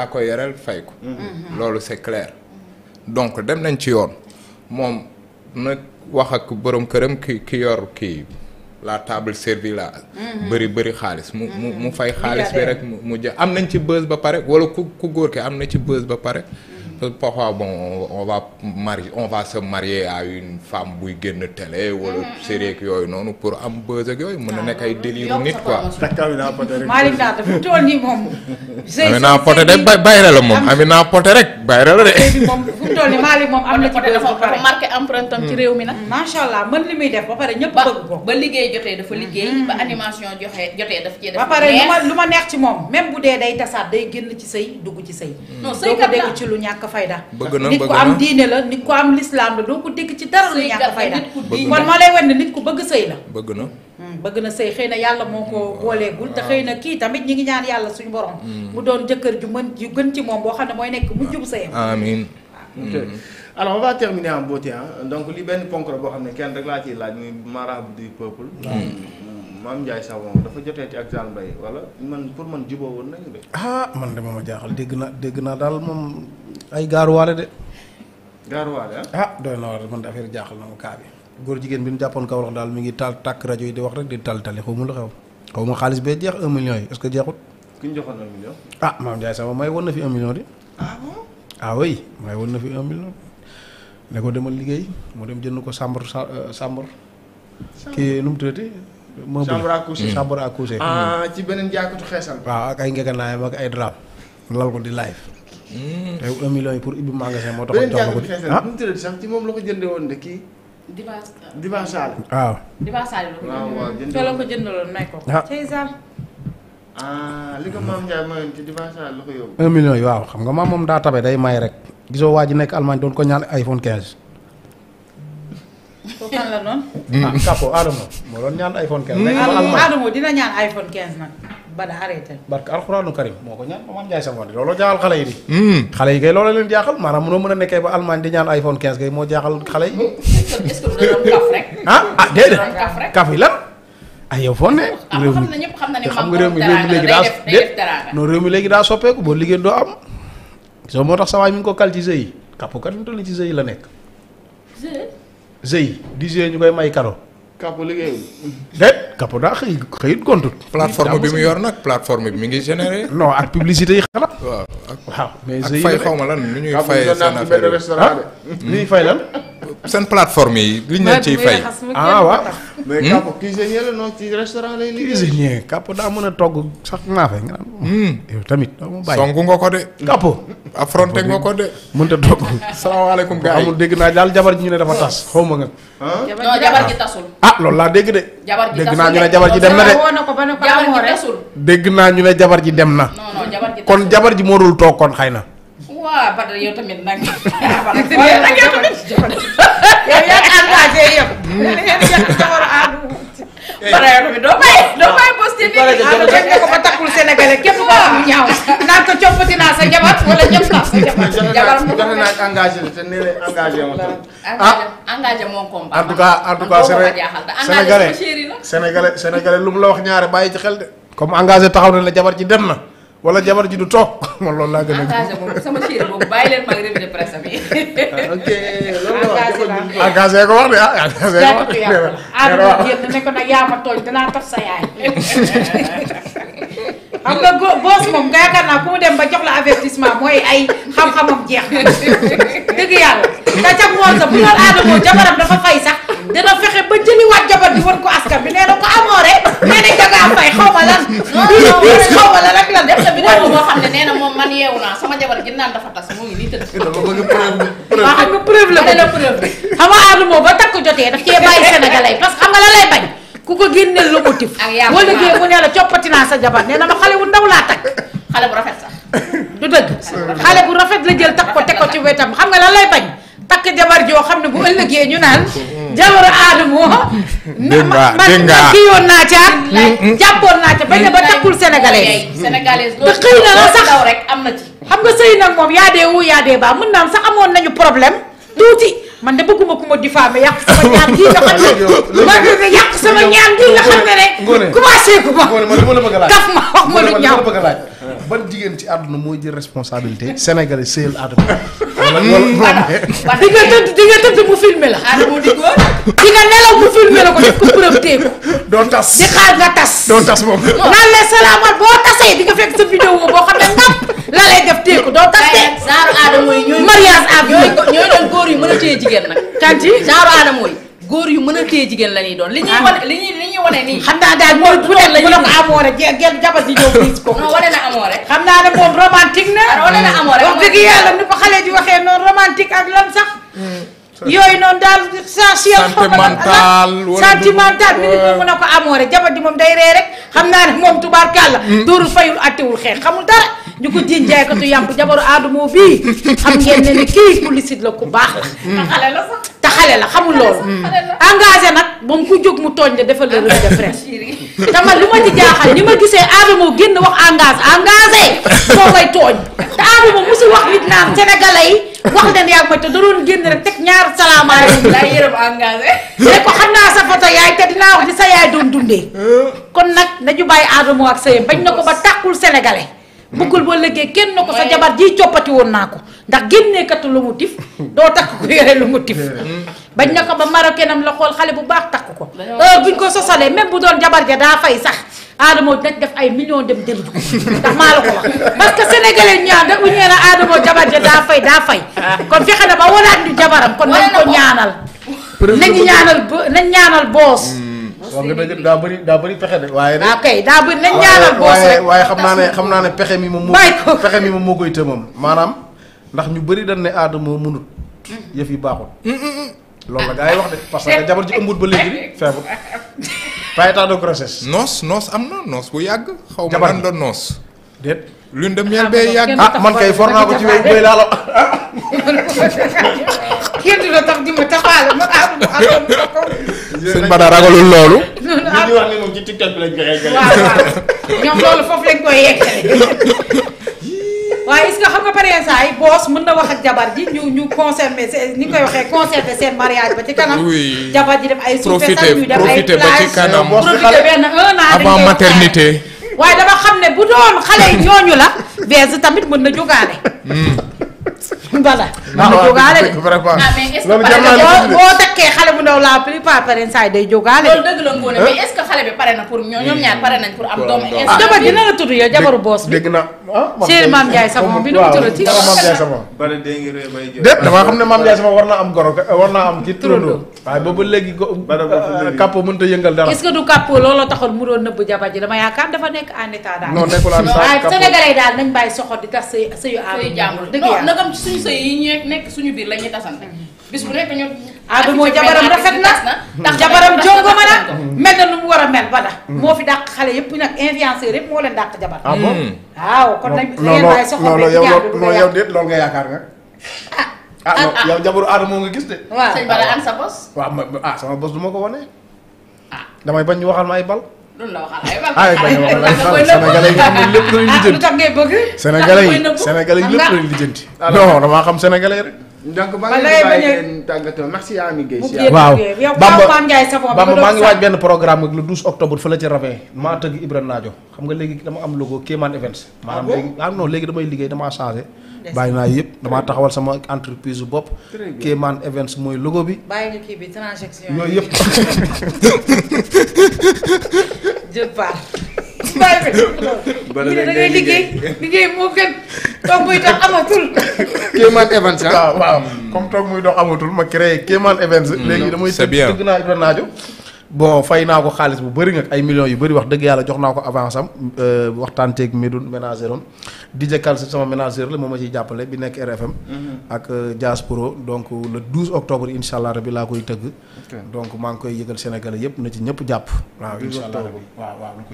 yaa ko yoreel fay ko. loolu c'est clair. donc dem nañ ci yoon moom na wax ak borom këram ki ki yor kii la table servie la. Mhm. bëri bëri xaalis mu mu mu fay. Mhm. xaalis bi rek mu mu am nañ ci bës ba pare wala ku ku góor ki am na ci bës ba pare. parfois bon on va marier on va se marier à une femme buy génn télé wala mm-hmm, série mm-hmm. yooyu noonu pour am buzz yooyu mën na nekk ay ah, délire nit quoi. Amina Poté de bay moom Amina Poté rek bayre la toll nii moom am na ci buzz ba pare marqué ci réew mi nag. Mm, macha allah mën li muy def ba pare ñëpp bëgg ba liggéey jotee dafa liggéey. Mm-hmm. ba animation joxe jotee daf cee def. ba pare lu ma lu ma neex ci moom même bu dee day tasaat day génn ci sëy dugg ci sëy non sëykat doo ko dégg ci lu ñàkk fayda nit ku am diine la nit ku am lislaam la doo ko dégg ci dara lu ñàkk fayda kon moo lay wan nit ku bëgg sëy la bëgg na hmm, bëgg na sëy xëy na yàlla moo ko hmm, booleegul te xëy na kii tamit ñi ngi ñaan yàlla suñu borom hmm. mu doon jëkkër ju mën ju gën ci moom boo xam ne mooy nekk mu jub sëyam amiin alors on va terminer en beauté hein donc li benn ponk la boo xam ne kenn rek laa ciy laaj muy marabout du peuple maam Ndiaye Savon dafa jotee ci ak Zale Mbaye wala man pour man juboo woon nañu de. ah man de ma jaaxal dégg naa dégg naa daal moom ay gaaruwaale de. gaaruwaale ah. ah doy na war man de affaire jaaxal na ma kaa bi. góor jigéen bi ñu jàppoon kaw wax daal mi ngi taal tàkk rajo yi di wax rek di tal tali xaw ma lu xew. xaw ma xaalis bee jeex un million yi est ce que jeexut. ki ñu joxoon un million. ah maam Ndiaye Savon may woon na fi un million de. ah bon. ah oui na fi un million. ne ko demal liggéey mu dem jënd ko Sambar Sambar. Euh, kii chambre à coucher hmm. chambre ah, hmm. ci beneen jàkkatu xeesal. waaw ak ay ngeganaayam ak ay drap lal ko di live. tey hmm. un million pour ubbi magasin moo tax. Ah? moom la ko jëndee woon de kii. Dibaas ah. yi waaw xam nga maam moom daa tabe day may rek gisoo waa ji nekk Allemagne doon ko ñaan iPhone 15. ko kan la mm. moo doon ñaan iPhone 15. rek mm. Adamo dina ñaan ba da arrêté. barke alxuraanu moo ko ñaan ba man jaay xale yi di. Mm. xale yi kay looloo leen jaaxal maanaam munoo mën a nekkee ba Allemagne di ñaan iPhone 15 kay moo kaf ah, ah, yi lan. ay yow foo ne. réew mi xam nga réew mi léegi daa déet non réew mi léegi daa soppeeku boo liggéey doo am. soo moo tax sawaay mi ko kal ci sëy yi Kapo yi la nekk. Zey di Zey ñu koy may karo. Kapo liggéeyul. déet Kapo daa xëy xëyut gontut. plateforme bi mu yor nag plateforme bi mi ngi généré. non ak publicité yi xanaa. waaw waaw fay xaw ma lan nu ñuy fay seen nu ah, ñuy fay lan. seen plateforme yi li ñu leen ciy fay. ah waaw. mais kàpp hmm? cuisinier la daa mën a togg sax naa fay nga naan. Hmm. yow tamit doo ma bàyyi. songu nga ko de. kàpp affronté nga ko de. mënut togg. salaamaaleykum gars yi amul dégg naa daal jabar ji ñu ne dafa tas xaw ma nga. ah loolu laa dégg de. dégg naa ñu ne jabar ji dem na de. dégg naa ñu ne jabar ji dem na. jabar ji tasul kon jabar ji moo dul toog kon xëy na waa Badara yow tamit nag. yow yaa ngi yow. yéen a ngi doo bàyyi doo bàyyi poste ko ba sa jabar wala jëm naa sa jabar. jabar mu joxe naa engagé te nee la engagé ah. ma. ah lu mu la wax ñaari bàyyi ci xel de. comme engagé taxaw na la jabar ji dem na. wala jabar ji du toog man loolu laa gën a. engagé moom ne ah, ko ah, nag yaa ma tooñ danaa taf sa yaay. xam nga go moom nga yaakaar naa ku mu dem ba jox la mooy ay xam-xamam jeex dëgg yàlla te ca moom sax bu loolu aada moo jabaram dafa fay sax dina fexe ba jëliwaat jabar bi wan ko askan bi nee na ko amoore nee na Faye xaw la def na vidéo na moom man yeewu naa sama jabar gi naan dafa tas mu ngi nii la bëgg preuve bi xam nga aaduma moo takk jotee daf cee bàyyi sénégalais parce que xam nga la lay bañ ku ko génneel le motif boo liggéey mu ne la coppati naa sa jabar nee na ma xale bu ndaw laa takk xale bu rafet sax du dëgg xale bu rafet la jël takk ko teg ko ci wetam xam nga la lay bañ takk jabar joo xam ne bu ëllëgee ñu naan jabaru Adamo. dégg nga dégg nga man kii yoon naa caa. Mm, mm. jàppoon naa caa bañ na ba takkul sénégalais. sénégalais loolu xëy na la sax rek am na ci. xam nga sëy nag moom yaa dee wu yaa dee baa mun naa am sax amoon nañu problème tuuti. man de bëgguma ku ma yàq sama ñaan gii nga xam ne rek commencé ku ma man li ma la bëgg a laaj gaf wax ma lu ñaaw bëgg a mm. di nga tëdd di nga tëdd mu filmé la di nga nelaw mu filmé la ko def ko preuve tee ko tas di xaar nga tas doon tas moom naan la salaamal boo tasee di nga fekk sa vidéo boo xam ne ngam la lay def tee ko doon tas de mariage à vie téye jigéen nag. kanti genre anam mooy góor yu mën a téye jigéen la ñuy doon li ñuy wane li ñuy li ñuy wane nii. xam naa daal moom bu la bu la ko amoore genn jabar ji ñëw gis ko. non wane na amoore. xam naa ne moom romantique na. wane na amoore wax dëgg yàlla ni ko xale ji waxee noonu romantique ak mm. a moom day ree rek xam naa ne moom tubaarkàlla. Mm. dóorul fayul dara ñu ko jiiñ jaaykatu yàmp jabaru aaduma bii xam ngeen ne ni kii publicité la ku baax la. xale la sax te xale la xamul loolu. engagé nag moom ku jóg mu tooñ la defal la revue de presse. dama lu ma ci jaaxal ni ma gisee aadama génn wax engagé engagé te naan sénégalais yi. wax leen yaa ngi te da doon génn rek teg ñaar salaamaaleykum lay yërëm engagé. mais ko xam naa sa photo yaay te dinaa wax di sa yaay doon dundee. Euh. kon nag nañu bàyyi Adamo ak sëyam bañ na ko ba tàkkul sénégalais. bëggul ba léegi kenn na ko sa jabar ji coppati woon naa ko ndax génneekatu lu mu tif doo takk ko yore lu mu tif bañ na ko ba marocainam la xool xale bu baax takk ko heure buñ ko sosalee même bu doon jabar ja daa fay sax Adamo dañ def ay millions dem jënd ko ndax maa la ko wax parce que sénégalais ñaan da uñee na Adamo jabar ja daa fay daa fay ah. kon fexe na ba walaat ñu jabaram kon nañ ko ñaanal nañ ñaanal nañ ñaanal boos mm. moom li daa bëri daa bëri pexe de waaye. waaw ah, kay daa bëri nañ ñaanal boos rek waaye xam naa ne xam naa ne pexe mi moom. bàyyi pexe mi moom moo koy tëmam maanaam ndax ñu bari dañ ne aadamoo mënut yëf yi baaxul. loolu la gars yi wax de parce que jabar ji ëmbut ba léegi nii feebar. pas état de grossesse. noos noos am na noos bu yàgg. xaw ma lan noos. déet lune de miel bee yàgg. ah man ah, kay for naa ko ci wéy béy kenn du la tax di ma taxaale ma ah ma sëñ Bada ragalul loolu. non bi lañ koy yeggale. waaw waaw loolu foofu lañ koy yeggale. waaye est-ce xam nga pare saa yi boos mën na wax ak jabar ji ñu ñu conserver seen ni ba ci kanam. jabar ji dem ay. profité profité ba ci kanam profité benn un an avant maternité. waaye dama xam ne bu doon xale yi ñooñu la bees tamit mën na jógaale. Hmm. voilà. mën na jógaale de vraiment loolu jar naa na pour ñoom ñaar pare nañ pour na ah maam Ndiaye Savon bi nu mu tuddati. damaa xam ne maam Ndiaye Savon war naa am goro war eh, naa am. kii turandoo waaye boobu léegi go. kàppo mënut a yëngal dara. est-ce que du kàppo looloo taxoon mu doon nëbb jabar ji dama yaakaar dafa nekk en état daal. non nañ bàyyi soxor di tax sëy sëyu àll. dëgg yàlla nekk suñu biir la ñuy tasante mm-hmm. bis bu nekk ñun. rafet na ndax jabaram jongo ma mel na lu mu war a mel bala mm-hmm. moo fi dàq xale yëpp nag influenceur yëpp moo leen dàq jabar. ah nga gis de. Bala am sa bos. waaw ah, sama bos du ko wane. Ah. damay bañ ñu waxal ma ay bal. loolu la waxal ay bal. sénégalais yi xam lépp la ñuy damaa ah, xam sénégalais rek. donc maa ngi leen tàggatoo merci Ami Guèye waaw Bamba maa ngi benn programme ak le 12 octobre fa la ci Ravin maa tëgg Ibra Naajo xam nga léegi dama am logo Kéemaan Events ah maanaam léegi ah léegi damay liggéey damaa changé bàyyi naa yëpp damaa taxawal sama entreprise bu bopp Kéemaan Events mooy logo bi bàyyi ñu kii bi transaction yooyu yëpp jël part bàyyi ba ñu ne da liggéey liggéey moo gën toog muy dox amatul. Kéemaan Events ah waaw comme toog muy dox amatul ma créé Kéemaan Events. Mm. léegi damay dëgg Naajo. bon fay naa ko xaalis bu bëri nag ay millions yu bëri wax dëgg yàlla jox naa ko avance am euh, waxtaan teeg Medoune ménagère am DJ Kalsi sama ménagère la moom a ciy jàppale bi nekk RFM. Mm-hmm. ak Jazz euh, Pro donc le 12 octobre incha allah rabi laa koy tëgg. donc maa ngi koy yëgal sénégal yëpp na ci ñëpp jàpp. waaw incha allah waaw waaw.